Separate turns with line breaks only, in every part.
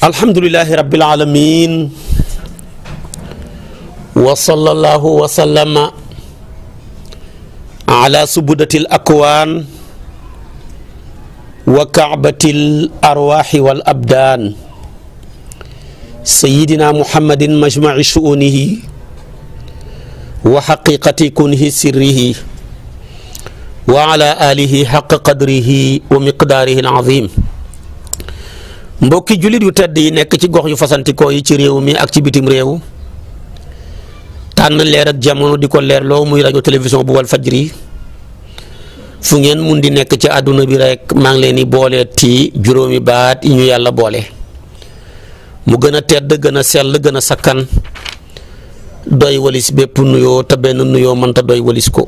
alhamdulillahi rabbil alamin wa sallallahu wa sallama ala subudatil akwaan wa kaabatil arwaaxi wal abdaan sayidina muhammadin majmaci shuunihi wa xaqiqati kunhi sirrihi wa ala alihi xaq qadrihi wa miqdaarihi al azim mbokki jullit yu tedd yi nekk ci gox yu fasantikoo yi ci réew mi ak ci bitim réew tànn leer ak jamono di ko leerloo muy rajo télévision bu wal fajri fu ngeen mun di nekk ci àdduna bi rek maa ngi leen di boole ti juróomi baat yi ñu yàlla boole mu gën a tedd gën a sell gën a sakkan doy walis bépp nuyoo te benn nuyoo mënta doy walis ko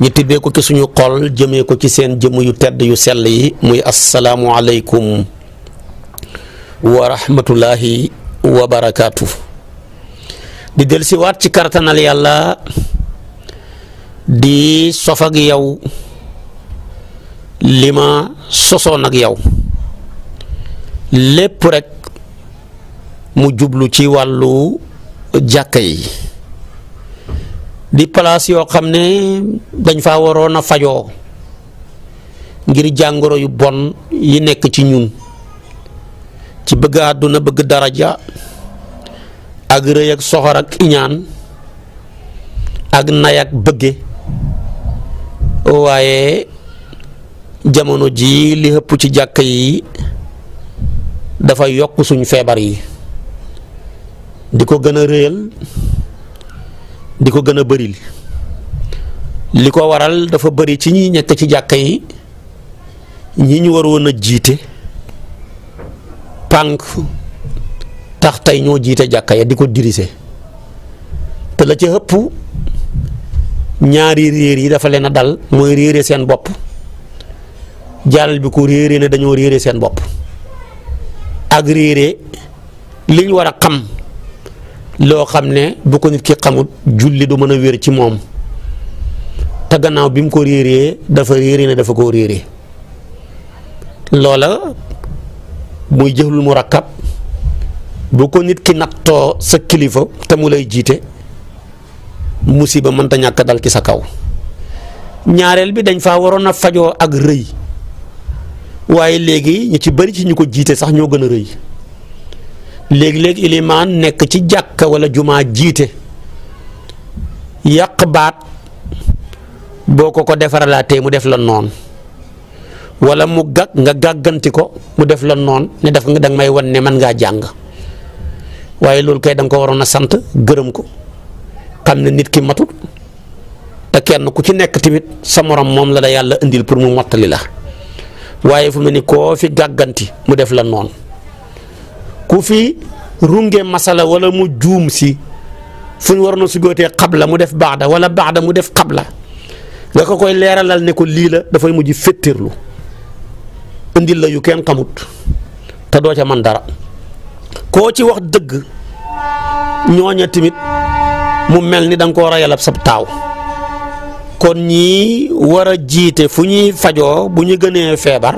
ñu tibbee ko ci suñu xol jëmee ko ci seen jëmm yu tedd yu sell yi muy asalaamualeykum. wa rahmatullahi wa barakaatu di dellusiwaat ci kartanal yàlla di sof ak yow li ma sosoon ak yow lépp rekk mu jublu ci wàllu jàkka yi di palaas yoo xam ne dañ faa waroon a fajoo ngir jàngoro yu bon yi nekk ci ñun ci bëgg àdduna bëgg daraja ak rëy ak soxor ak iñaan ak nay ak bëgge waaye jamono ji li ëpp ci jàkk yi dafa yokk suñ feebar yi di ko gën a rëyal di ko gën a bari li ko waral dafa bari ci ñuy nekk ci jàkk yi ñi ñu waroon a jiite pànk tax tey ñoo jiite jàkka ya di ko dirise te la ci ëpp ñaari réer yi dafa leen a dal mooy réere seen bopp jaaral bi ko réere ne dañoo réere seen bopp ak réere liñ war a xam loo xam ne bu ko nit ki xamut julli du mën a wér ci moom te gannaaw bi mu ko réeree dafa réere ne dafa koo réere loola muy jëxlul mu rakkab bu ko nit ki nattoo sa kilifa te mu lay jiite musiba mënta ñàkk dal ci sa kaw ñaareel bi dañ faa waroon a fajoo ak rëy waaye léegi ñu ci bari ci ñu ko jiite sax ñoo gën a rëy léegi-léegi ilimaan nekk ci jàkka wala jumaa jiite yàq baat boo ko ko defaralaatee mu def la noonu wala mu gàgg nga gàgganti ko mu def la noon ne def nga danga may wan ne man ngaa jàng waaye loolu kay danga ko waroon a sant gërëm ko xam ne nit ki matul te kenn ku ci nekk tamit sa moroom moom la la yàlla indil pour mu mottali la waaye fu ma ni koo fi gàgganti mu def la noon ku fi runge masala wala mu juum si fu ñu waroon a xab la mu def baax da wala baax da mu def xab la nga ko koy leeralal ne ko lii la dafay mujj féttirlu indil la yu kenn xamut te doo ca man dara koo ci wax dëgg ñooña tamit mu mel ni danga nga koo rayalab sab taaw kon ñi war a jiite fu ñuy fajoo bu ñu gënee feebar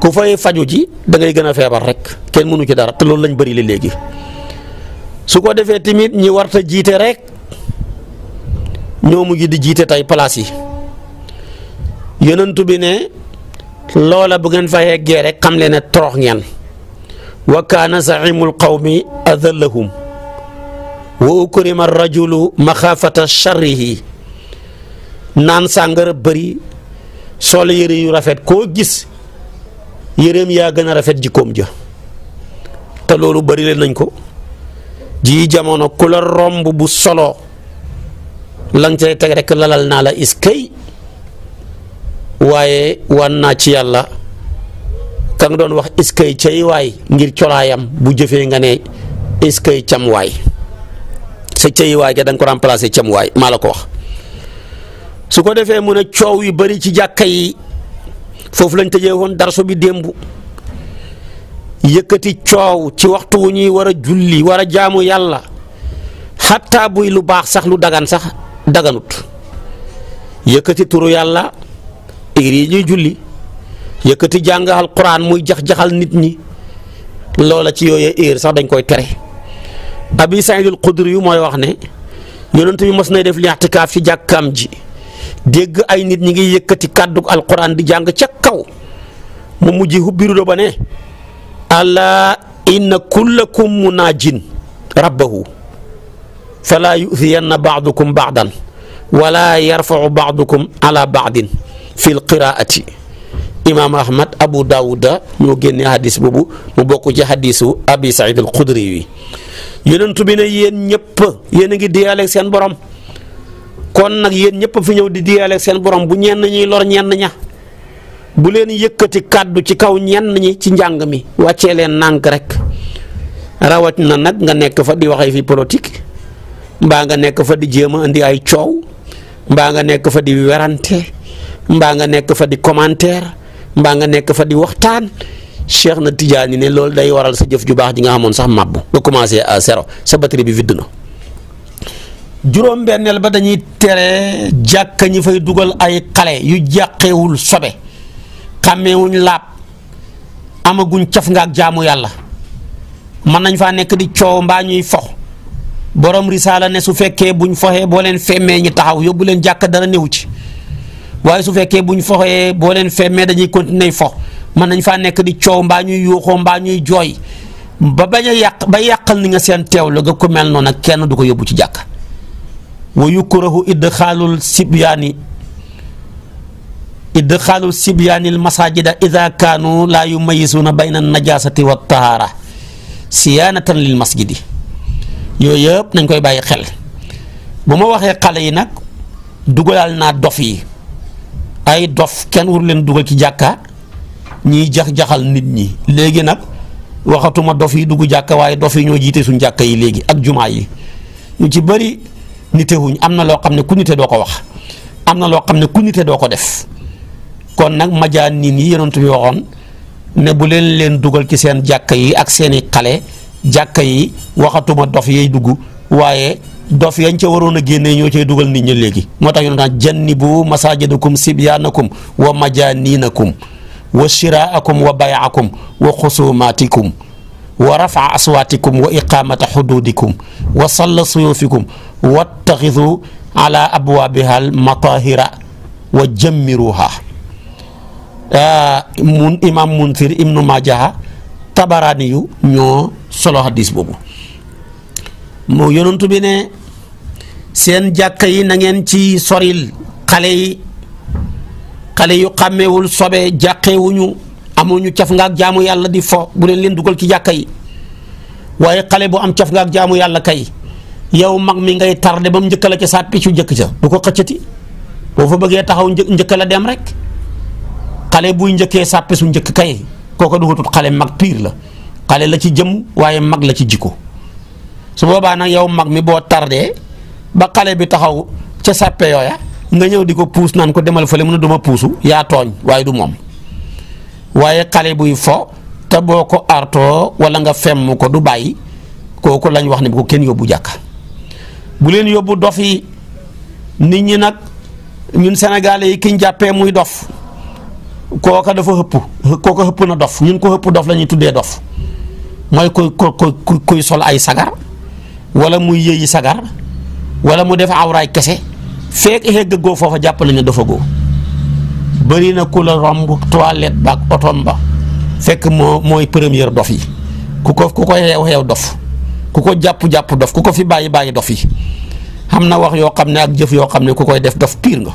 ku fay faju ji da ngay gën a feebar rek kenn mënu ci dara te loolu lañ bëri li léegi su ko defee tamit ñi warta jiite rek ñoo mujj di jiite tey palaas yi yonent bi ne loola bu ngeen fa yeggee rek xam leen ne torox ngeen wa kaana zaimul qawmi adallahum wa ukrima rajulu maxaafata charrihi naan sàngara bari sol yëre yu rafet koo gis yëreem yaa gën a rafet jikkoom ja te loolu bari leen nañ ko ji jamono ku romb bu solo la nga teg rek lalal naa la iskay waaye wan naa ci yàlla ka nga doon wax iskay cay waay ngir colaayam bu jëfee nga ne iskay cam waay sa cay waay ga da ko remplacer cam waay maa la ko wax su ko defee mu ne coow yu bari ci jàkka yi foofu lañ tëjee woon darso bi démb yëkkati coow ci waxtu wu ñuy war a julli war a jaamu yàlla xataa buy lu baax sax lu dagan sax daganut yëkkati turu yàlla yi ñuy julli yëkkati jàng alquran muy jax-jaxal nit ñi loola ci yooyee heure sax dañ koy tere abi saidul xudri yu mooy wax ne yonent bi mos nay def li'tikaaf ci jàkkaam ji dégg ay nit ñi ngi yëkkati kàddug alquran di jàng ca kaw mu mujj hubbirudo ba ne alaa inna kullakum munaajin rabbahu falaa yu'thiyanna ba'dukum ba'dan wala yarfa'u ba'dukum ala ba'din fil qiraati imaam ahmad abu daawuda ñoo génnee hadis boobu mu bokk ci hadisu abi saïd al xudri wi yonentu bi na yéen ñëpp yéen a ngi diyaaleeg seen borom kon nag yéen ñëpp fi ñëw di diyaaleeg seen borom bu ñenn ñiy lor ñenn ña bu leen yëkkati kàddu ci kaw ñenn ñi ci njàng mi wàccee leen nànk rek rawat na nag nga nekk fa di waxee fi politique mbaa nga nekk fa di jéem a indi ay coow mbaa nga nekk fa di werante mbaa nga nekk fa di commentaire mbaa nga nekk fa di waxtaan Cheikh na Tidiane ne loolu day waral sa jëf ju baax ji nga xamoon sax màbbu nga commencé à euh, zéro sa batterie bi vidd na. juróom-benneel ba dañuy tere jàkka ñi fay dugal ay xale yu jàqeewul sobe xàmmeewuñ laab amaguñ caf nga ak jaamu yàlla mën nañ faa nekk di coow mbaa ñuy fox borom risaala ne su fekkee buñ foxee boo leen femmee ñi taxaw yóbbu leen jàkka dara néew ci. waaye su fekkee bu ñu foxee boo leen femmee dañuy continuer fo mën nañ faa nekk di coow mbaa ñuy yuuxoo mbaa ñuy jooy ba bañ a yàq ba yàqal ni nga seen teew la ko mel noonu kenn du ko yóbbu ci jàkka wa yukrahu idxaalul sibyaani idxaalul sibyaanil masaajida ida kaanu laa yumayisuuna bayna najaasati wa tahaara siyaanatan lil masjidi yooyu yëpp nañ koy bàyyi xel bu ma waxee xale yi nag dugalaal naa dof yi ay dof kenn waru leen dugal ci jàkka ñiy jax-jaxal nit ñi léegi nag waxatuma dof yi dugg jàkka waaye dof yi ñoo jiite suñ jàkka yi léegi ak jumaa yi ñu ci bëri nitewuñ am na loo xam ne ku nite doo ko wax am na loo xam ne ku nite doo ko def kon nag majaan niin yi yonent bi waxoon ne bu leen leen dugal ci seen jàkka yi ak seeni xale jàkka yi waxatuma dof yay dugg waaye dof yañ ca waroon a génnee ñoo cay dugal nit léegi moo tax ñu naan jannibu masajadakum sibyaanakum wa majaninakum wa shiraakum wa bayaakum wa xusumaatikum wa rafaa aswaatikum wa iqaamata xuduudikum wa salla suyuufikum wattaxidu ala abwaabiha al matahira wa jammiruha mun imaam munfir ibnu majaha tabaraani ñoo solo hadis boobu moo yonantu bi ne seen jàkka yi na ngeen ci soril xale yi xale yu xàmmeewul sobe jàqeewuñu amuñu caf ngaak jaamu yàlla di fo bu leen leen dugal ci jàkka yi waaye xale bu am caf ngaak jaamu yàlla kay yow mag mi ngay tarde ba mu njëkk la ca saat piccu njëkk ca du ko xëccati boo fa bëggee taxaw njëkk la dem rek xale buy njëkkee sàppi su njëkk kay kooko dugatut xale mag piir la xale la ci jëmm waaye mag la ci jikko su boobaa nag yow mag mi boo tardé ba xale bi taxaw ca sàppe yooya nga ñëw di ko puus naan ko demal fële mun a duma puusu yaa tooñ waaye du moom waaye xale buy fo te boo ko artoo wala nga femm ko du bàyyi kooku lañuy wax ne ko kenn yóbbu jàkka bu leen yóbbu dof yi nit ñi nag ñun sénégalais yi kiñ jàppee muy dof kooka dafa hëpp kooka hëpp na dof ñun ko hëpp dof lañuy tuddee dof mooy kuy kuy kuy kuy sol ay sagar wala muy yëyi sagar wala mu def awraay kese feek xegg goo foofa jàppale ne dafa goo na ku la romb toilette ba ak otom ba fekk moo mooy première dof yi ku ko ku ko xeew xeew dof ku ko jàpp jàpp dof ku ko fi bàyyi bàyyi dof yi xam na wax yoo xam ne ak jëf yoo xam ne ku koy def dof piir nga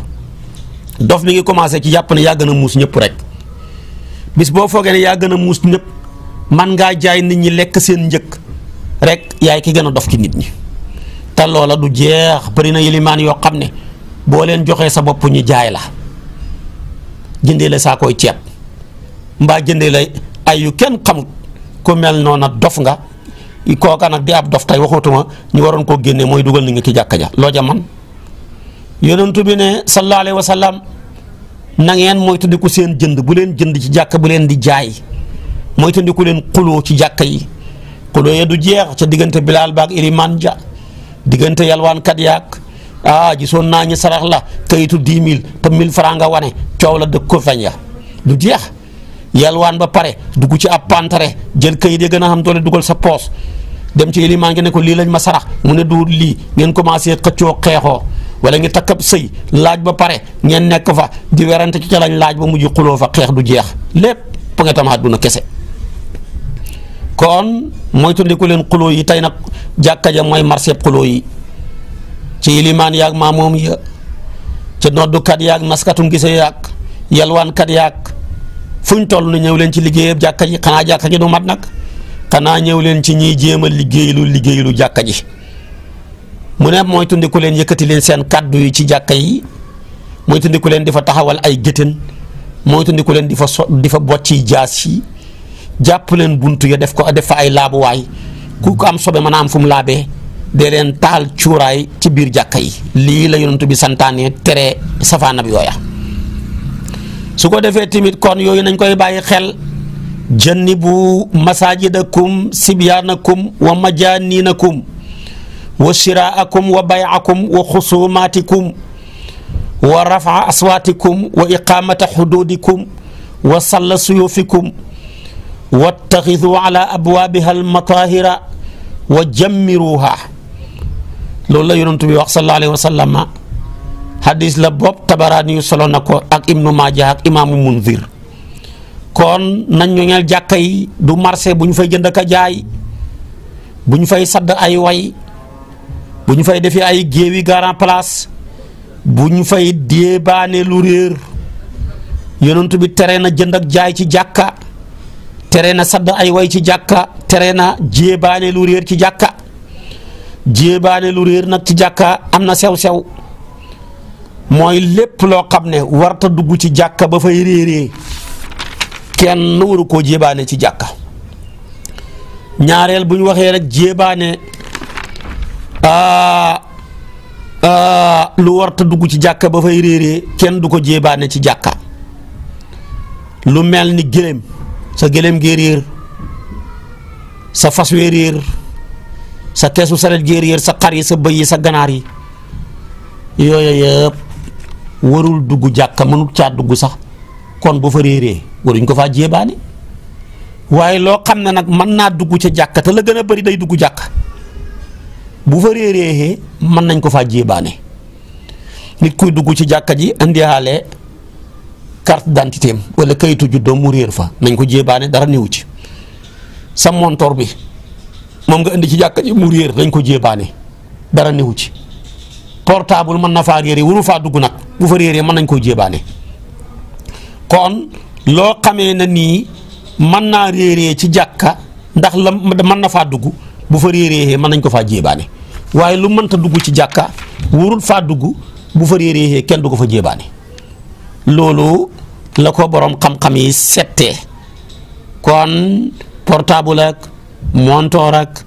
dof mi ngi commencé ci jàpp ne yaa gën a muus ñëpp rek bis boo foogee ne yaa gën a muus ñëpp man ngaa jaay nit ñi lekk seen njëkk rek yaay ki gën a dof ci nit ñi te loola du jeex bëri na yilimaan yoo xam ne boo leen joxee sa bopp ñu jaay la jëndee la saa koy ceeb mbaa jëndee la ay yu kenn xamut ku mel noona dof nga kooka nag di ab dof tey waxutuma ñu waroon koo génnee mooy dugal ni nga ci jàkka ja loo ja man yonentu bi ne sallallahu alayhi wa sallam mooy ngeen ku seen jënd bu leen jënd ci jàkka bu leen di jaay mooy ku leen xuloo ci jàkka yi xuloo ya du jeex ca diggante bilaal baak ilimaan ja diggante yalwaankat yaak ji ah, gisoon naa ñu sarax la kayitu dix mille te mille franc nga wane coow la dëkk ko feñ ya du jeex yalwaan ba pare dugg ci ab pantare jël kayit ya gën a xam doole dugal sa poos dem ci ilimaan gi ne ko lii lañ ma sarax mu ne du lii ngeen commencé xëccoo xeexoo wala ngi takkab sëy laaj ba pare ngeen nekk fa di werante ci ca lañ laaj ba mujj xuloo fa xeex du jeex lépp ba nga tam àdduna kese kon mooy tundiku leen xuloo yi tey nag jàkka ja mooy marché xuloo yi ci limaan yaag maamoom ya ca noddukat yaag naskatum gise yaag yalwaankat yaag fuñ toll ni ñëw leen ci liggéeyab jàkka ji xanaa jàkka ji du mat nag xanaa ñëw leen ci ñiy jéem a liggéeylu liggéeylu jàkka ji mu ne mooy tundiku leen yëkkati leen seen kàddu yi ci jàkka yi mooy tundiku leen di fa taxawal ay gétén mooy tundiku leen di fa so di fa bocci jaas yi jàpp leen bunt ya def ko def fa ay laabuwaay ku ko am sobe mën a am fu mu laabee taal cuuraay ci biir jàkka yi lii la yonent bi santaane tere safaana yooya su ko defee tamit kon yooyu nañ koy bàyyi xel jannibu masajidakum sibyaanakum wa majaaninakum wa shiraakum wa bayaakum wa xusumaatikum wa rafaa aswaatikum wa iqaamata xuduudikum wa salla suyuufikum wattaxidu ala abwaabiha almatahira wa jammiruha loolu la yonent bi wax sallallahu alayhi hadis la bopp tabaraani yu ko ak ibnu maaja ak imaamu munzir kon nañ ñoñeel jàkka yi du marché bu ñu fay jënd ak a jaay bu fay sadd ay way bu fay defee ay géewi garan place bu ñu fay déebaane lu réer yonent bi tere na jënd ak jaay ci jàkka tere na sadd ay way ci jàkka tere na jéebaane lu réer ci jàkka jéebaane lu réer nag ci jàkka am na sew-sew mooy lépp loo xam ne warta dugg ci jàkka ba fay réeree kenn koo jéebaane ci jàkka ñaareel bu waxee rek jéebaane lu warta dugg ci jàkka ba fay réeree kenn du ko jéebaane ci jàkka lu mel ni gëléem sa gëléem gee réer sa fas wee réer sa keesu saret gee réer sa xar yi sa bëy yi sa ganaar yi yooyu yëpp dugg jàkka mënul caa dugg sax kon bu fa réeree waruñ ko faa jéebaani waaye loo xam ne nag mën naa dugg ca jàkka te la gën a bari day dugg jàkka bu fa réeree mën nañ ko faa jéebaane nit kuy dugg ci jàkka ji indihaale carte d'identité am wala kayitu juddoom mu réer fa nañ ko jéebaane dara néew ci sa montor bi moom nga indi ci jàkka ji mu réer nañ ko jéebaane dara néew ci portable mën na faa réeree waru faa dugg nag bu fa mën nañ koo jéebaane kon loo xamee na nii mën naa réeree ci jàkka ndax la na faa dugg bu fa réeree mën nañ ko faa jéebaane waaye lu mënta dugg ci jàkka warul faa dugg bu fa réeree kenn du ko fa jéebaane loolu la ko boroom xam-xam yi settee kon portable ak montoor ak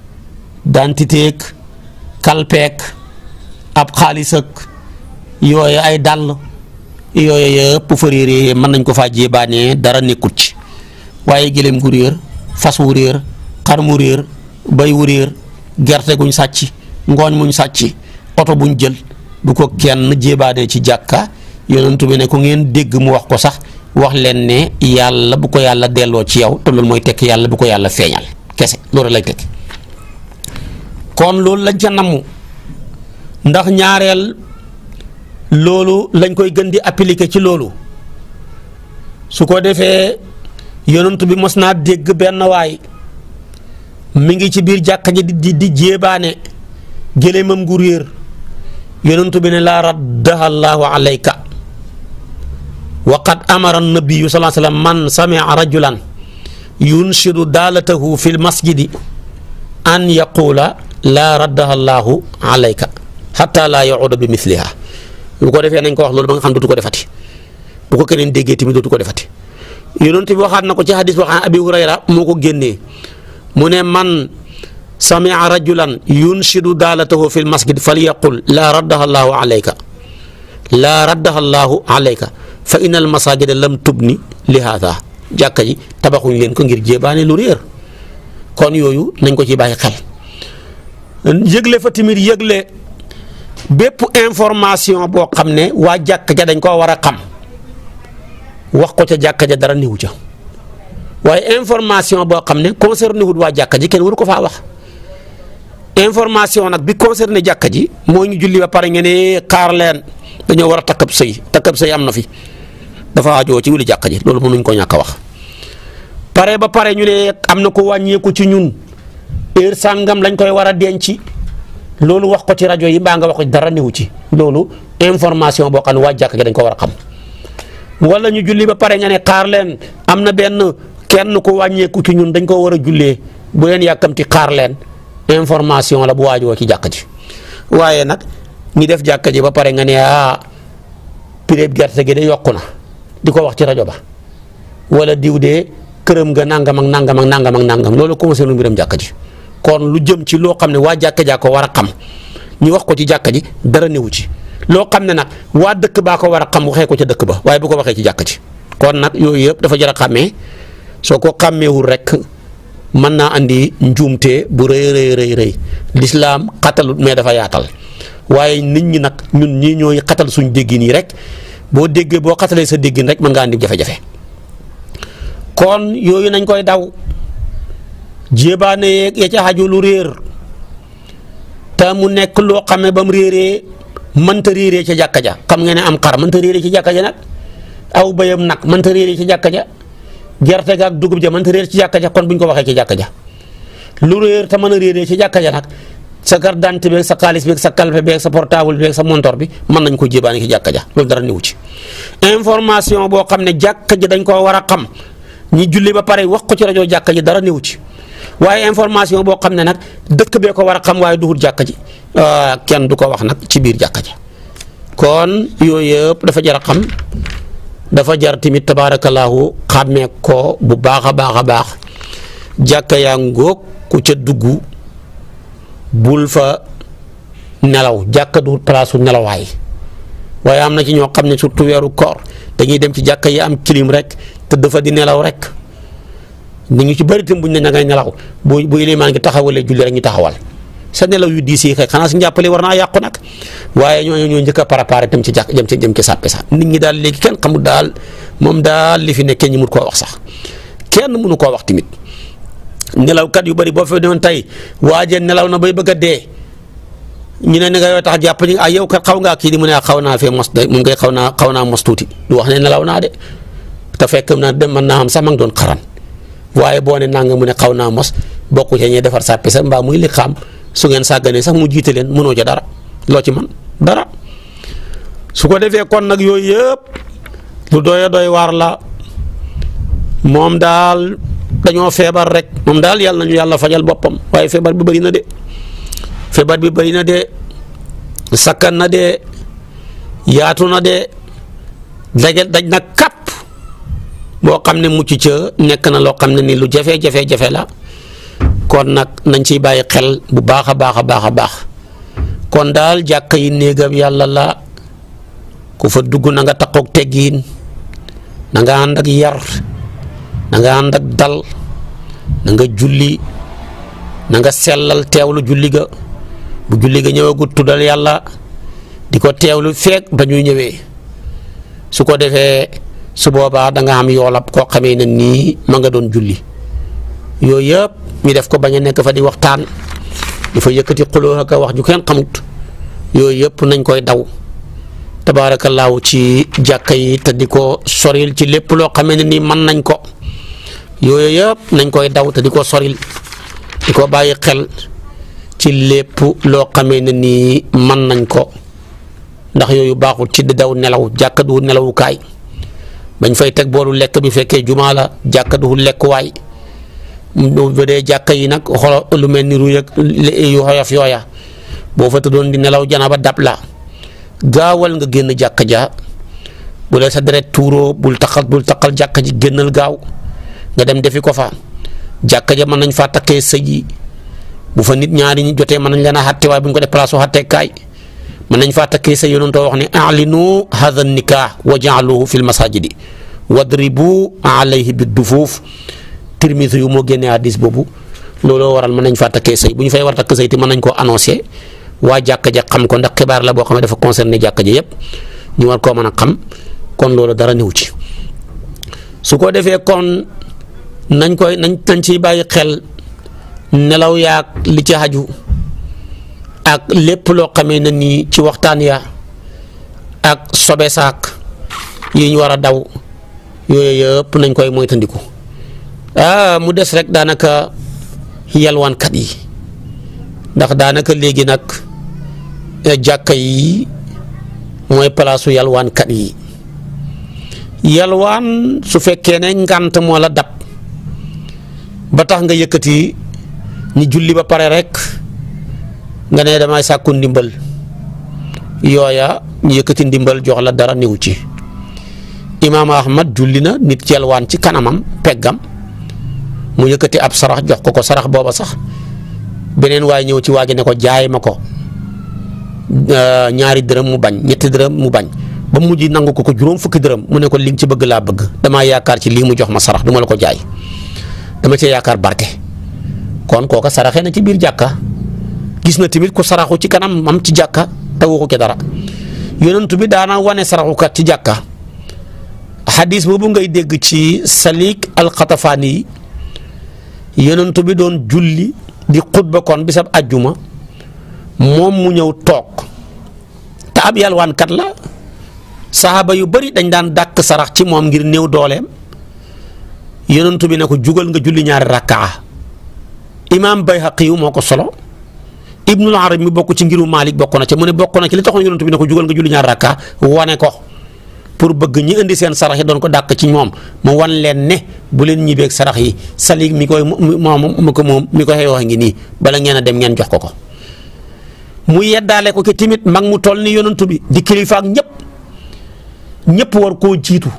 ab xaalis ak yooyu ay dàll yooyu yëpp fa réeree mën nañ ko faa jébaanee dara nekkut ci waaye gëléem gu réer fas wu réer xar mu réer bay wu réer gerte guñ sàcc ngooñ muñ sàcc oto buñ jël bu ko kenn jébaanee ci jàkka yonentu bi ne ko ngeen dégg mu wax ko sax wax leen ne yàlla bu ko yàlla delloo ci yow te loolu mooy tekk yàlla bu ko yàlla feeñal kese loolu lay tekk kon loolu lañ ca namm ndax ñaareel loolu lañ koy gën di appliquer ci loolu su ko defee yonent bi mos naa dégg benn waay mu ngi ci biir jàkka ji di di jéebaane gëléemam gu réer yonent bi ne laa raddaha allahu waqad amara nabiyu salaa sallam man samia rajulan yunshidu daalatahu fi lmasjidi an yaquula laa raddaha llaahu alayka xatta laa yacuuda bi misliha bu ko defee nañ ko wax loolu ba nga xam dootu ko defati bu ko keneen déggee tamit dootu ko defati yonent bi waxaat na ko ci xadis boo xam ne abi hurayra moo ko génnee mu ne man samia rajulan yunshidu daalatahu fi lmasjid fal yaqul laa raddaha llaahu alayka laa raddaha llaahu alayka fa innal masajida lam tubni li haada jàkka ji tabaxuñ leen ko ngir jébaane lu réer kon yooyu nañ ko ci bàyyi xel yëgle fa timir yëgle bépp information boo xam ne waa jàkka dañ ko war a xam wax ko ca jàkka ja dara niwu ca waaye information boo xam ne concerné wut waa jàkka ji kenn waru ko faa wax information nag bi concerné jàkka ji moo ñu julli ba pare ngeen xaar leen. dañoo war a takkab sëy takkab sëy am na fi dafa ajoo ci wili jàkka ji loolu mënuñ ko ñàkk a wax pare ba pare ñu ne am na ko wàññeeku ci ñun heure sàngam koy war a denc loolu wax ko ci rajo yi mbaa nga ko dara néew ci loolu information boo xam ne waa jàkka gi dañ ko war a xam wala ñu julli ba pare nga ne xaar leen am na benn kenn ku wàññeeku ci ñun dañ ko war a jullee bu leen yàkkamti xaar leen information la bu waajoo ci jàkka ji waaye nag. ñi def jàkka ji ba pare nga ne ah prix gerte gi de yokku na di ko wax ci rajo ba wala diw de këram nga nangam ak nangam ak nangam ak nangam loolu commencé lu mbiram jàkka ji kon lu jëm ci loo xam ne waa jàkka jaa ko war a xam ñu wax ko ci jàkka ji dara newu ci loo xam ne nag waa dëkk baa ko war a xam waxee ko ca dëkk ba waaye bu ko waxee ci jàkka ji kon nag yooyu yëpp dafa jar a xàmmee soo ko xàmmeewul rek mën naa indi njuumte bu rëy rëy rëy rëy lislaam xatalut mais dafa yaatal. waaye nit ñi nag ñun ñii ñooy xatal suñ déggin yi rek boo déggee boo xatalee sa déggin rek mën ngaa andi jafe-jafe kon yooyu nañ koy daw jéebaane yeeg ya ca xaju lu réer te mu nekk loo xamee ba mu réeree ta réeree ca jàkka ja xam nga ne am xar mënta réeree ci jàkka ja nag aw bayam nag mënta réeree ci jàkka ja gerte ga ak dugub ja mënta réer ci jàkka ja kon buñ ko waxee ci jàkka ja lu réer te mën a réeree ci jàkka ja nag sa carte d'identité beeg sa xaalis beeg sa kalpe beeg sa portable beeg sa montor bi mën nañ ko jébaane ci jàkka ja loolu dara newu ci information boo xam ne jàkka ja dañ koo war a xam ñi julli ba pare wax ko ci rajo jàkka dara newu ci waaye information boo xam ne nag dëkk bee ko war a xam waaye duhut jàkka ji euh, kenn du ko wax nag ci biir jàkka ja kon yooyu dafa jar a xam dafa jar tamit tabaarakallaahu xàmmee ko bu baax a baax a baax jàkka yaa ngóog ku ca dugg bul fa nelaw jàkka du palaasu nelawaay waaye am na ci ñoo xam ne surtout weeru koor dañuy dem ci jàkka yi am kilim rek te dafa di nelaw rek ni ñu ci bëri tam buñ ne na ngay nelaw bu bu ilimaan gi taxawalee julli rek ñu taxawal sa nelaw yu diis yi kay xanaa su njàppale war naa yàqu nag waaye ñooñu ñoo njëkk a préparé dem ci jàkk dem ci dem ci sàppe sax nit ñi daal léegi kenn xamul daal moom daal li fi nekkee ñu mun koo wax sax kenn mënu koo wax tamit. kat yu bari boo fee doon tey waaje nelaw na bay bëgg a dee ñu ne ni nga tax jàpp ni ay ah, yow kat xaw ngaa kii di mu ne ah, xaw naa fee mos de mu ngi xaw naa xaw naa mos tuuti du wax ne nelaw naa de te fekk na dem mën naa xam sax doon xaran waaye boo ne nanga mu ne xaw naa mos bokku ca ñuy defar sa sax mbaa mu li xam su ngeen sàgganee sax mu jiite leen mënoo ca dara loo ci man dara su ko defee kon nag yooyu yëpp lu doy doy waar la moom daal. dañoo feebar rek moom daal yàlla nañu yàlla fajal boppam waaye feebar bi bëri na de feebar bi bëri na de sakkan na de yaatu na de daje daj na kàpp boo xam ne mucc ca nekk na loo xam ne ni lu jafe-jafe-jafe la kon nag nañ ciy bàyyi xel bu baax a baax a baax a baax kon daal jàkk yi néegam yàlla la ku fa dugg na nga takkook teggiin na nga ànd ak yar danga nga ànd dal na nga julli na nga teew lu julli ga bu julli ga ñëwagut tuddal yàlla di ko teewlu feeg ba ñuy ñëwee su ko defee su boobaa da nga am yoolab koo xamee na nii ma nga doon julli yooyu yëpp ñu def ko bañ nekk fa di waxtaan dafa yëkkati wax ju kenn xamut yooyu yëpp nañ koy daw tabaarakallaahu ci jàkka yi te soril ci lépp loo xamee ne mën nañ ko yooyu yëpp nañ koy daw te di ko soril di ko bàyyi xel ci lépp loo xamee ne nii mën nañ ko ndax yooyu baaxul ci di daw nelaw jàkka du nelawukaay bañ fay teg boolu lekk bi fekkee jumaa la jàkka du lekkuwaay bu dee jàkka yi nag lu mel ni ruy ak yooya boo fa tëddoon di nelaw janaba dab la gaawal nga génn jàkka ja bu dee sa deret tuuroo bul taxal bul taxal jàkka ji génnal gaaw nga dem defi ko fa jàkka ja mën nañ faa takkee sëj yi bu fa nit ñaari ñi jotee mën nañ leen a xàtte waaye bu ñu ko def place su xàtteekaay mën nañ faa takkee sëy yonent wax ne alinu hadha nikah wa jaaluhu fi lmasajidi wadribu alayhi bi dufuuf tirmisi yu moo génnee hadis boobu looloo waral mën nañ faa takkee sëy bu ñu fay war takk sëy te mën nañ koo annoncé waa jàkka ja xam ko ndax xibaar la boo xam ne dafa concerné jàkka ja yëpp ñu war koo mën a xam kon loolu dara ñëw ci su ko defee kon nañ koy nañ nañ ciy bàyyi xel nelaw yaag li ci haju ak lépp loo xamee na nii ci waxtaan ya ak sobe saak yi ñu war a daw yooyu yëpp nañ koy moytandiku ah mu des rek daanaka yalwaankat yi ndax daanaka léegi nag eh, jàkka yi mooy palaasu yalwaankat yi yalwaan su fekkee ne ngànt moo la dab ba tax nga yëkkati ñi julli ba pare rek nga ne damay sàkku ndimbal yooya ñu yëkkati ndimbal jox la dara niwu ci imaam ahmad julli na nit yelwaan ci kanamam peggam mu yëkkati ab sarax jox ko ko sarax booba sax beneen waaye ñëw ci waa ji ne ko jaay ma ko ñaari dërëm mu bañ ñetti dërëm mu bañ ba mujj nangu ko ko juróom fukki dërëm mu ne ko li nga ci bëgg laa bëgg damaa yaakaar ci lii mu jox ma sarax du la ko jaay dama cee yaakaar barte kon kooka saraxee na ci biir jàkka gis na tamit ku saraxu ci kanam mam ci jàkka ta waxu ci dara yonent bi daana wane saraxukat ci jàkka xadis boobu ngay dégg ci salik alxatafaani yi yonent bi doon julli di xutba kon bisab ajjuma moom mu ñëw toog te ab yalwaankat la saxaaba yu bari dañ daan dàkk sarax ci moom ngir néew dooleem yonent bi ne ko jugal nga julli ñaari rakkaa imaam Bayhaqi yu moo ko solo Ibnul Arab mi bokk ci ngiru Malik bokk na ci mu ne bokk na ci li taxoon yonent bi ne ko jugal nga julli ñaari rakkaa wane ko pour bëgg ñi indi seen sarax doon ko dàq ci moom mu wan leen ne bu leen ñibbeeg sarax yi salik mi koy moom mu ko moom mi ko xeewoo ngi nii bala ngeen a dem ngeen jox ko ko mu yeddaale ko ki timit mag mu toll ni yonantu bi di kilifa ak ñëpp war koo jiitu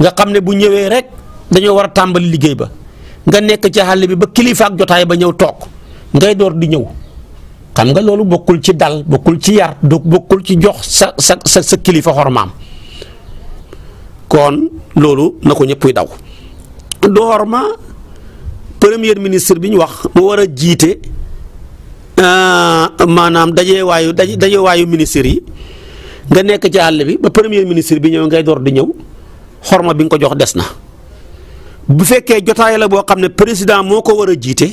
nga xam ne bu ñëwee rek dañoo war a tàmbali liggéey ba nga nekk ci xàll bi ba kilifaak jotaay ba ñëw toog ngay door di ñëw xam nga loolu bokkul ci dal bokkul ci yar bokkul ci jox sa sa sa sa kilifa xormaam kon loolu na ko ñëppuy daw du xorma premier ministre bi ñu wax mu war a jiite euh, maanaam dajeewaayu dajeewaayu ministre yi nga nekk ci àll bi ba premier ministre bi ñëw ngay door di ñëw xorma bi nga ko jox des na. bu fekkee jotaay la boo xam ne président moo ko war a jiite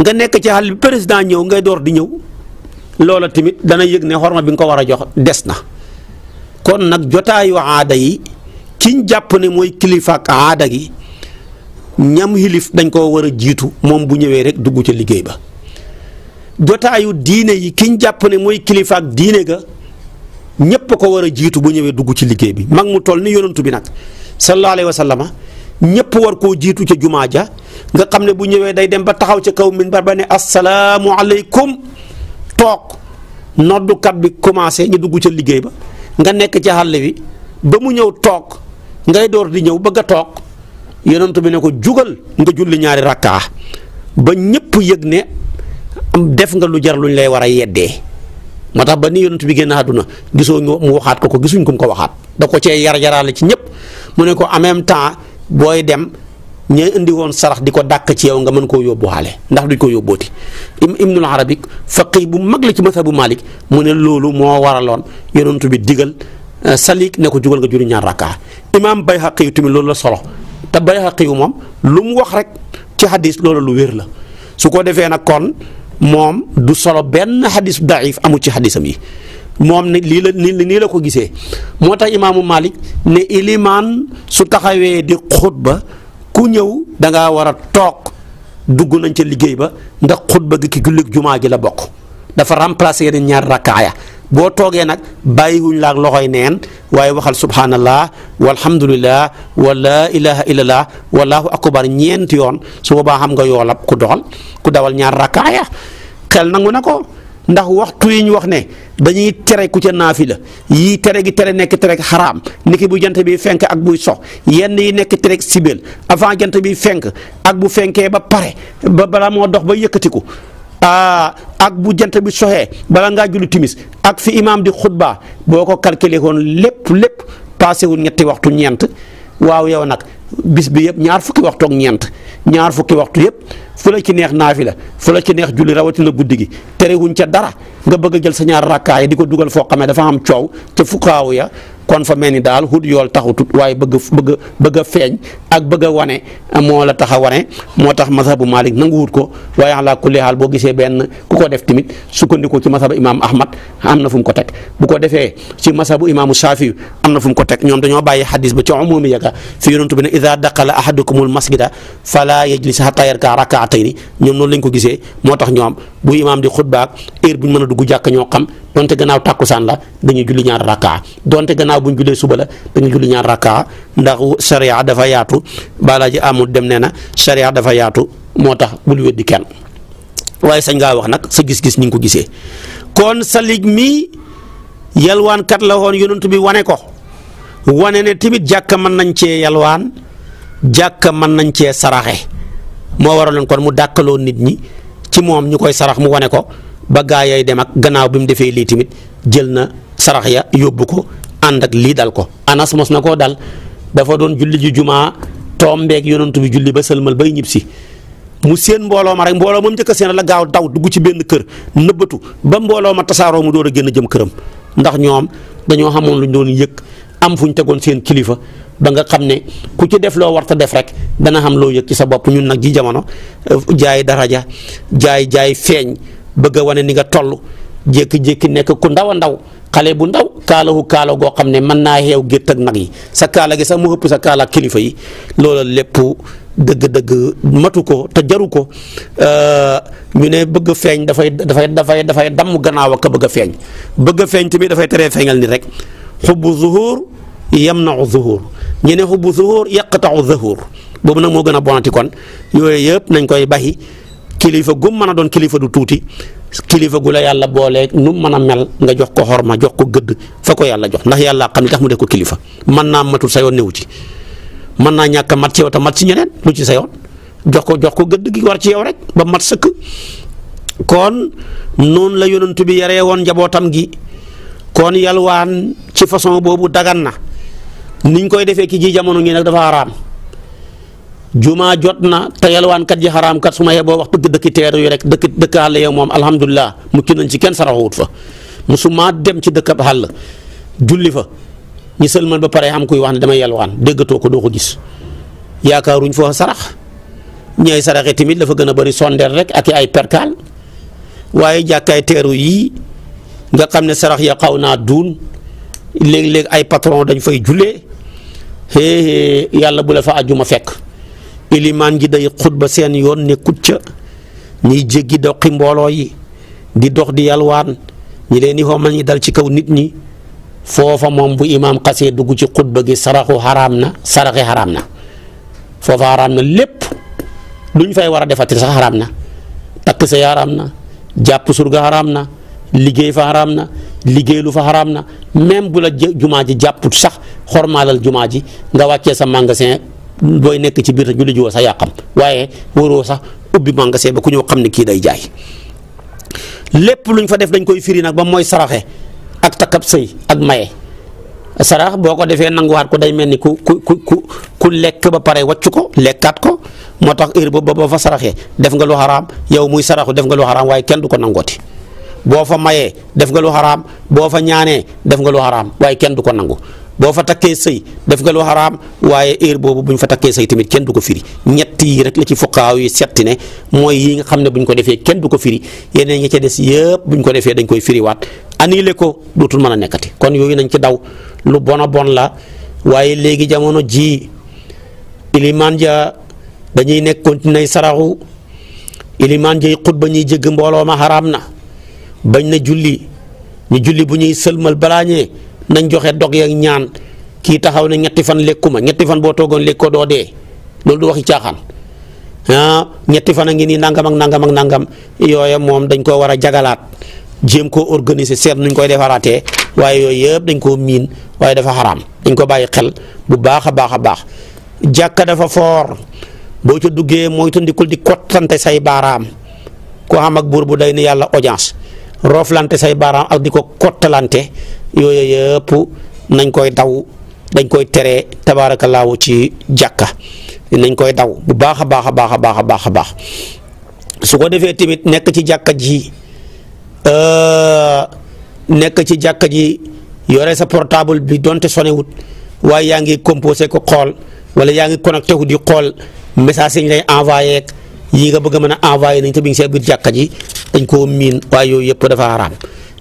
nga nekk ci xal bi président ñëw ngay door di ñëw loola tamit dana yëg ne xorma bi nga ko war a jox des na kon nag jotaayu aada yi kiñ jàpp ne mooy kilifa gi ñam xilif dañ koo war a jiitu moom bu ñëwee rek dugg ci liggéey ba jotaayu diine yi kiñ jàpp ne mooy kilifa diine ga ñëpp ko war a jiitu bu ñëwee dugg ci liggéey bi mag mu toll ni yonantu bi nag sallallahu alayhi wa sallama ñëpp war koo jiitu ca jumaa ja nga xam ne bu ñëwee day dem ba taxaw ca kaw minbar ba ne assalaamu aleykum toog noddukat bi commencé ñu dugg ca liggéey ba nga nekk ci xàll bi ba mu ñëw toog ngay door di ñëw bëgg a toog yonent bi ne ko jugal nga julli ñaari rakkaa ba ñëpp yëg ne def nga lu jar luñ lay war a yeddee moo tax ba ni yonent bi génn àdduna gisoo mu waxaat ko ko gisuñ ko mu ko waxaat da ko cee yar yaraale ci ñëpp mu ne ko en même temps booy dem ñooy indi woon sarax di ko dàq ci yow nga mën koo yóbbuwaale ndax duñ ko yóbbooti ibnul arabi faqih bu mag la ci bu malik mu ne loolu moo waraloon yonentu bi digal euh, salik ne ko jugal nga juri ñaar rakkaa imaam bayhaqi yu tamit loolu la solo te bayhaqi yu moom lu mu wax rek ci hadis loolu lu wér la su ko defee nag kon moom du solo benn hadis daif amul ci hadisam yi moom ne lii la ni nii la ko gisee moo tax imaamu Malik ne ilimaan su taxawee di xutba ku ñëw da ngaa war a toog dugg nañ ca liggéey ba ndax xutba gi ki jullit jumaa ji la bokk dafa remplacer yeneen ñaar rakkaaya boo toogee nag bàyyiwuñ la ak loxoy neen waaye waxal subhanallah walhamdulillah wa laa ilaha illallah wallahu akbar ñeent yoon su boobaa xam nga yoolab ku doxal ku dawal ñaar rakkaaya xel nangu na ko. ndax waxtu yi ñu wax ne dañuy tere ku ca la yii tere gi tere nekk tere xaraam niki bu jant bi fenk ak buy sox yenn yi nekk tere sibeel avant jant bi fenk ak bu fenkee ba pare ba balaa moo dox ba yëkkatiku ah ak bu jant bi soxee balaa ngaa julli timis ak fi imaam di xutba boo ko calculé woon lépp lépp passé wu ñetti waxtu ñeent waaw yow nag. bis bi yëpp ñaar fukki waxtu ak ñeent ñaar fukki waxtu yëpp fu la ci neex naafi la fu la ci neex julli rawatina guddi gi terewuñ ca dara nga bëgg a jël sa ñaar rakkaay di ko dugal foo xam ne dafa am coow te fukkaawu ya kon fa mel ni daal xut yool taxutut waaye bëgg bëgg bëgg a feeñ ak bëgg wane moo la tax a wane moo tax masabu Malik nanguwut ko waaye ala kulli xaal boo gisee benn ku ko def tamit sukkandiku ci masabu imaamu Ahmad am na fu mu ko teg bu ko defee ci masabu imaamu Shafi am na fu mu ko teg ñoom dañoo bàyyi xadis ba ci umumi yaga fi yonent bi ne ida daqala ahadukumul masjida fala yajlis hatta yarka rakaatayni ñoom noonu lañ ko gisee moo tax ñoom bu imaam di xutbaak heure bu ñu mën a dugg jàkk ñoo xam donte gannaaw tàkkusaan la dañuy julli ñaar rakaa donte gannaaw ginnaaw bu ñu suba la dañu julli ñaar rakka ndax sharia dafa yaatu balaa ji amul dem nee na sharia dafa yaatu moo tax bul weddi kenn waaye sañ ngaa wax nag sa gis-gis ni nga ko gisee kon salig mi yalwaankat la woon yonent bi wane ko wane ne tamit jàkka man nañ cee yalwaan jàkka man nañ cee saraxe moo waraloon kon mu dàkkaloo nit ñi ci moom ñu koy sarax mu wane ko ba gaa yay dem ak gannaaw bi mu defee lii tamit jël na sarax ya yóbbu ko ànd ak lii dal ko anas mos na koo dal dafa doon julli ji jumaa tombeeg yonantu bi julli ba sëlmal bay ñib si mu seen mbooloo ma rek mbooloo moom njëkk a seen la gaaw daw dugg ci benn kër nëbbatu ba mbooloo ma tasaaroo mu door a génn jëm këram ndax ñoom dañoo xamoon lu ñu doon yëg am fu ñu tegoon seen kilifa ba nga xam ne ku ci def loo warta def rek dana xam loo yëg ci sa bopp ñun nag ji jamono jaay daraja jaay jaay feeñ bëgg a wane ni nga toll jékki-jékki nekk ku ndaw ndaw xale bu ndaw kaalawu kaala goo xam ne mën naa xeew gétt ak nag yi sa kaala gi sax mu ëpp sa kaala kilifa yi loola lépp dëgg-dëgg matu ko te jaru ko euh, ñu ne bëgg a feeñ dafay dafay dafay dafay damm gannaaw ak bëgg feeñ bëgg a feeñ tamit dafay teree feeñal nit rek xubbu zuhur yamnau zuhur ñu ne xubbu zuhur yaqtau zuhur boobu nag moo gën a bonati kon yooyu yëpp nañ koy baxi kilifa gum mën a doon kilifa du tuuti kilifa gu la yàlla booleek nu mën a mel nga jox ko ma jox ko gëdd fa yàlla jox ndax yàlla xam ne tax mu def ko kilifa mën naa matul sa yoon newu ci mën naa ñàkk mat ci yow te mat si ñeneen lu ci sa yoon jox ko jox ko gëdd gi war ci yow rek ba mat sëkk kon noonu la yonent bi yaree woon njabootam gi kon yalwaan ci façon boobu dagan na niñ koy defee ki ji jamono ngi nag dafa araam jumaa jot na te yalwaankat yi xaraamkat su ma yeboo wax dëgg dëkk teeru yi rek dëkk dëkk àll yow moom alhamdulilah mucc nañ ci kenn saraxuwut fa musuma dem ci dëkk ab xàll julli fa ñu sëlman ba pare am kuy wax ne damay yalwaan déggatoo ko doo ko gis yaakaaruñ foo sarax ñay saraxe tamit dafa gën a bëri sondeel rek ak ay perkaal waaye jàkkaay teeru yii nga xam ne sarax ya xaw naa duun léegi léeg ay patron dañ fay jullee yàlla bu la fa ajuma fekk. ilimaan ji day xutba seen yoon nekkut ca ñiy jéggi doqi mbooloo yi di dox di yalwaan ñi leen di xoomal ñi dal ci kaw nit ñi foofa moom bu imaam xasee dugg ci xutba gi saraxu xaraam na saraxi xaraam na foofa xaraam na lépp lu ñu fay war a defati sax xaraam na takk sa xaraam na jàpp surga xaraam na liggéey fa xaraam na liggéey lu fa xaraam na même bu la jumaa ji jàpput sax xormaalal jumaa ji nga wàccee sa magasin booy nekk ci biir te julli jiwoo sax yaa xam waaye waroo sax ubbi magasin ba ku ñëw xam ne kii day jaay lépp luñ fa def dañ koy firi nag ba mooy saraxe ak takkab sëy ak maye. sarax boo ko defee nanguwaat ko day mel ni ku ku ku ku lekk ba pare wàccu ko lekkaat ko moo tax heure boobu boo fa saraxee def nga lu xaraam yow muy saraxu def nga waaye kenn du ko nangooti boo fa mayee def nga boo fa ñaanee def nga lu xaraam waaye kenn du ko nangu. boo fa takkee sëy def nga lu xaraam waaye heure boobu buñ fa takkee sëy tamit kenn du ko firi ñetti yi rek la ci fuqaaw yi setti ne mooy yi nga xam ne bu buñ ko defee kenn du ko firi yeneen ñi ca des yëpp buñ ko defee dañ koy firiwaat annulé ko dootul mën a nekkati kon yooyu nañ ci daw lu bon a bon la waaye léegi jamono ji ilimaan ja dañuy nekk continué saraxu ilimaan jay ba ñuy jëgg mbooloo ma na bañ na julli ñu julli bu ñuy sëlmal balaa ñee nañ joxe dog yak ñaan kii taxaw ne ñetti fan lekkuma ñetti fan boo toogoon lekkoo doo dee loolu du waxi caaxaan ah ñetti fan a ngi nii nangam ak nangam ak nangam yooya moom dañ koo war a jagalaat jéem koo organiser seet nuñ koy defaraatee waaye yooyu yëpp dañ koo miin waaye dafa xaraam dañ ko bàyyi xel bu baax a baax a baax jàkka dafa foor boo ci duggee mooy tundikul di kottante say baaraam ko xam ak buur bu day ni yàlla audience rooflante say baaraam ak di ko kottalante yooyu yëpp nañ koy daw dañ koy tere tabaarakallaahu ci jàkka nañ koy daw bu baax a baax a baax a baax a baax a baax su ko defee tamit nekk ci jàkka ji euh, nekk ci jàkka ji yore sa portable bi donte sonewut waaye yaa ngi composé ko xool wala yaa ngi connecté wu di xool message yi ñu lay envoyé yi nga bëgg mën a envoyé nañ te bi ngi see biir jàkka ji dañ koo miin waa yooyu yëpp dafa araam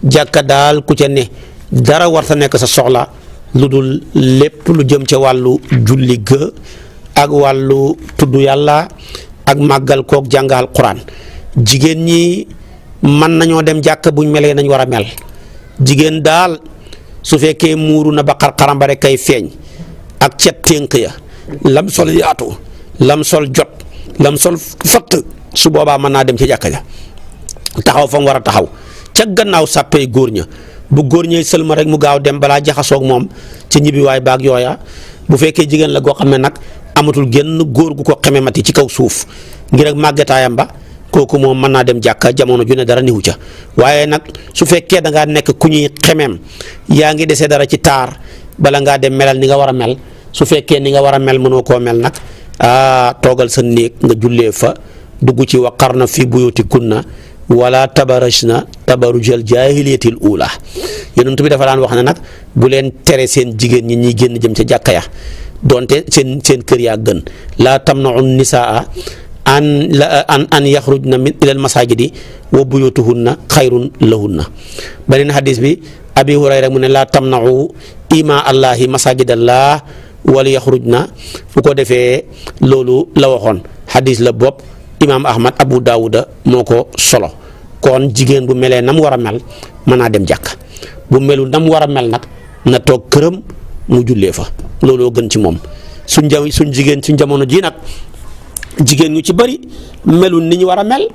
jàkka daal ku ca ne dara war sa nekk sa soxla lu dul lépp lu jëm ca wàllu julli ga ak wàllu tudd yàlla ak màggal kook jàngal quran jigéen ñi mën nañoo dem jàkka buñ melee nañ war a mel jigéen daal su fekkee muuru na ba xarxaram ba rek kay feeñ ak cet ténk ya lam sol yaatu lam sol jot lam sol fatt su boobaa mën naa dem ca jàkka ja taxaw fa war a taxaw ca gannaaw sàppee góor ña bu góor ñëwee sëlma rek mu gaaw dem balaa jaxasoog moom ca ñibbiwaay baag yooya bu fekkee jigéen la goo xam ne nag amatul genn góor gu ko xeme mati ci kaw suuf ngi ak màggetaayam ba kooku moom mën naa dem jàkka jamono ju ne dara niwu ca waaye nag su fekkee da ngaa nekk ku ñuy xemeem yaa ngi desee dara ci taar bala ngaa dem melal ni nga war a mel su fekkee ni nga war a mel mënoo koo mel nag ah toogal sa néeg nga jullee fa dugg ci waqarna fi buyutikunna wala tabaraj na tabarujal jaahiliyatil uula yonent bi dafa daan wax ne nag bu leen tere seen jigéen ñi ñuy génn jëm ca jàkka ya doonte seen seen kër yaa gën laa tamnau nisaa an la an an yaxrujna min ilal masajidi wa buyutuhunna xayrun lahunna beneen bi abi hurayra mu ne laa tamnau ima allahi masajidallah wala yaxrujna bu ko defee loolu la waxoon xadis la bopp imaam ahmad abu daawuda moo ko solo kon jigéen bu melee nam war a mel mën naa dem jàkk bu melu nam war a mel nag na toog këram mu jullee fa looloo gën ci moom suñ ja suñ jigéen suñ jamono ji nag jigéen ñu ci bari melul ni ñu war a mel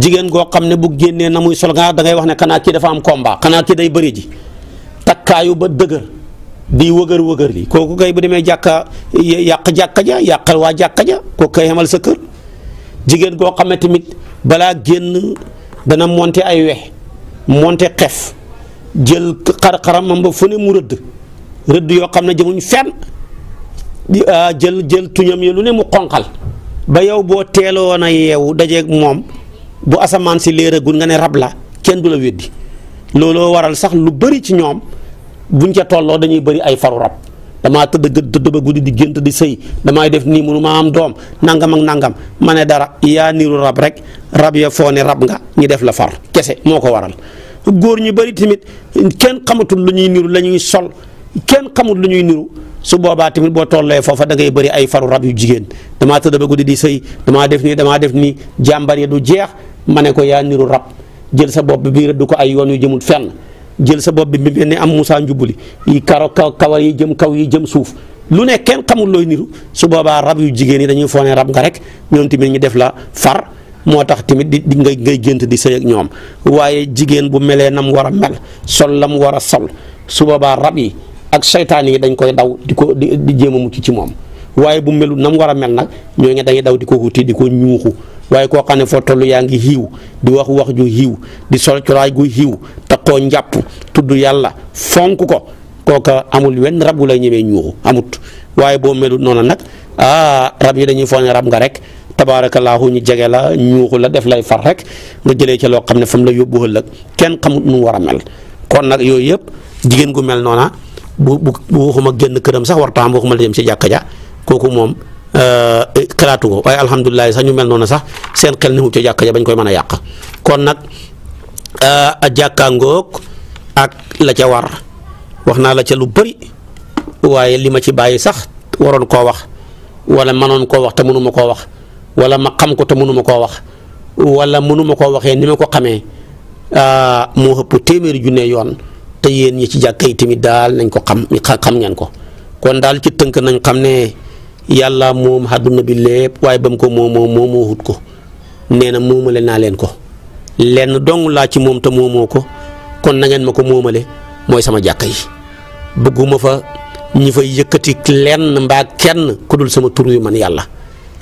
jigéen goo xam ne bu génnee na muy sol nga da wax ne xanaa ki dafa am combat xanaa kii day bëri ji takkaayu ba dëgër di wëgër wëgër li kooku kay bu demee jàkka yàq jàkka waa jàkka ja kooku kay xamal sa kër jigéen goo xam ne tamit balaa génn. dana monte ay we monte xef jël xar-xaramam ba fu ne mu rëdd rëdd yoo xam ne jëmuñ fenn ah, jël jël tuñam yi lu ne mu xonqal ba yow boo teeloon a yeewu dajeeg moom bu asamaan si léeragul nga ne rab la kenn du la weddi looloo waral sax lu bari ci ñoom buñ ca tolloo dañuy bari ay faru rab damaa tëdd ba guddi di gént di sëy damay def nii mënu am doom nangam ak nangam ma ne dara yaa niiru rab rek rab ya foo ne rab nga ñu def la far kese moo ko waral góor ñi bëri tamit kenn xamatul lu ñuy niru la ñuy sol kenn xamul lu ñuy niru su boobaa tamit boo tollee foofa da ngay bëri ay faru rab yu jigéen damaa tëdd ba guddi di sëy damaa def nii damaa def nii jàmbar ya du jeex ma ne ko yaa niru rab jël sa bopp bi du ko ay yoon yu jëmul fenn jël sa bopp bi bi mel am Moussa Njubuli yi karo kaw kawar yi jëm kaw yi jëm suuf lu ne kenn xamul looy niru su boobaa rab yu jigéen yi dañuy foone rab nga rek ñoom tamit ñu def la far moo tax tamit di di ngay ngay gént di sëy ak ñoom waaye jigéen bu melee na mu war a mel sol la mu war a sol su boobaa rab yi ak seytaan yi dañ koy daw di ko di jéem a mucc ci moom waaye bu melu mu war a mel nag ñoo ngi dañuy daw di ko wuti di ko ñuuxu waaye koo xam ne foo toll yaa ngi xiiw di wax wax ju xiiw di sol colaay gu xiiw takkoo njàpp tudd yàlla fonk ko kooka amul wenn rab wu lay ñemee ñuuxu amut waaye boo melut noonu nag ah rab yi dañuy foog ne rab nga rek tabaarakallaahu ñu jege la ñuuxu la def lay far rek nga jëlee ca loo xam ne fa la yóbbu ëllëg kenn xamut nu mu war a mel kon nag yooyu yëpp jigéen gu mel noona bu bu waxuma génn këram sax wartaam waxuma la dem ci jàkka ja kooku moom Euh, xalaatu ko waaye alhamdulilah sax ñu mel noonu sax seen xel ni wu ca jàkka ja bañ koy mën a yàq kon nag euh, a jàkkaangoog ak la ca war wax naa la ca lu bëri waaye li ma ci bàyyi sax waroon koo wax wala manoon koo wax te mënuma koo wax wala ma xam ko te mënuma koo wax wala mënuma koo waxee ni ma ko xamee euh, moo ëpp téeméeri junne yoon te yéen ñi ci jàkka yi tamit daal nañ ko xam xam ngeen ko kon daal ci tënk nañ xam ne. yàlla moom àdduna bi lépp waaye ba mu ko moo moo wut ko nee na moomale naa leen ko lenn dong laa ci moom te moomoo ko kon na ngeen ma ko moomale mooy sama jàkka yi bëgguma fa ñi fay yëkkati lenn mbaa kenn ku dul sama tur yu man yàlla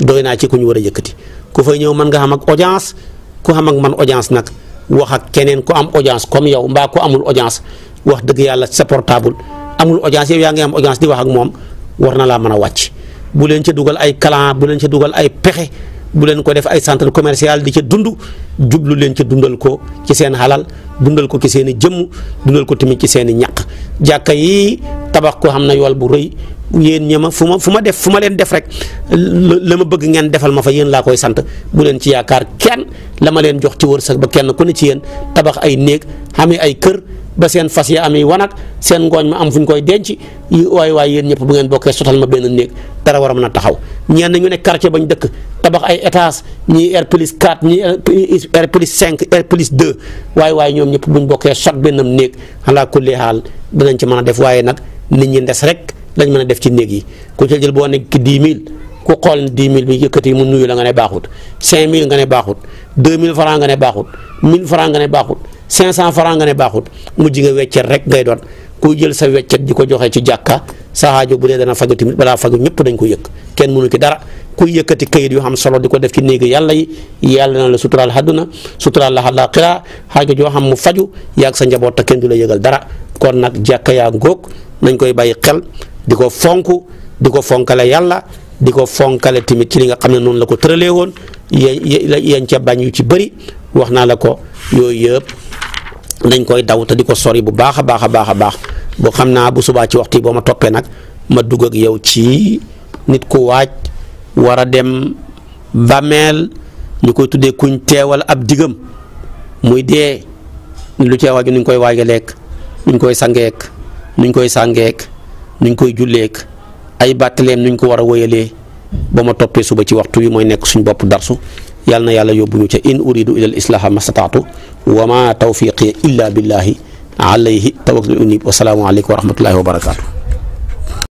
doy naa ci ku ñu war a yëkkati ku fay ñëw man nga xam ak audience ku xam ak man audience nag wax ak keneen ku am audience comme yow mbaa amul audience wax dëgg yàlla sa portable amul audience yow yaa ngi am audience di wax ak moom war na laa mën a wàcc bu leen ca dugal ay clan bu leen ca dugal ay pexe bu leen ko def ay centre commerciale di ca dundu jublu leen ca dundal ko ci seen xalal dundal ko ci seen i jëmm dundal ko tamit ci seen i ñaq jàkka yi tabax ko xam na yool bu rëy yéen ma fu ma fu ma def fu ma leen def rek la ma bëgg ngeen defal ma fa yéen laa koy sant bu leen ci yaakaar kenn la ma leen jox ci wërsëg ba kenn ku ne ci yéen tabax ay néeg amee ay kër ba seen fas yi amee wanag seen ngooñ ma am fu ñu koy denc yi waaye waay yéen ñëpp bu ngeen bokkee sotal ma benn néeg dara war a mën a taxaw ñeen ñu ne quartier bañ dëkk tabax ay étage ñii R plus 4 ñii R plus 5 R plus 2 waaye waaye ñoom ñëpp buñ bokkee sot benn néeg alaa kulli haal dinañ ci mën a def waaye nag nit ñi ndes rek lañ mën a def ci néeg yi ku ca jël boo nekk dix mille ku xool ne dix mille bi yëkkati mu nuyu la nga ne baaxut cinq mille nga ne baaxut deux mille franc nga ne baaxut mille franc nga ne baaxut cinq cent franc nga ne baaxut mujj nga weccet rek ngay doon ku jël sa weccet di ko joxee ci jàkka sa aajo bu dee dana faju tamit balaa faju ñëpp dañ ko yëkk kenn mënu ci dara ku yëkkati kayit yu xam solo di ko def ci néegi yàlla yi yàlla na la suturaal àdduna suturaal la àllaaxira aajo joo xam mu faju yaag sa njaboot kenn du la yëgal dara kon nag jàkka yaa ngóog nañ koy bàyyi xel di ko fonk di ko fonkale yàlla di ko fonkale tamit ci li nga xam ne noonu la ko tëralee woon ya yañ ca bañ yu ci bëri wax naa la ko yooyu yëpp dañ koy daw te di ko sori bu baax a baax a baax a baax boo xam naa bu subaa ci waxtu yi boo ma toppee nag ma dugg ak yow ci nit ku waaj war a dem bàmmeel ñu koy tuddee kuñ teewal ab diggam muy dee lu ci waaju nuñ koy waaja lekk nuñ koy sangeek nuñ koy sangeek nuñ koy julleeg ay bàttaleem nuñ ko war a wéyalee ba ma toppee suba ci waxtu yi mooy nekk suñ bopp darsu yàlla na yàlla yóbbu ñu ca in uridu ila al islaaha mastataatu wa ma tawfiqi illa billahi alayhi tawakkaltu unib wasalaamu aleykum wa rahmatullahi wa barakaatu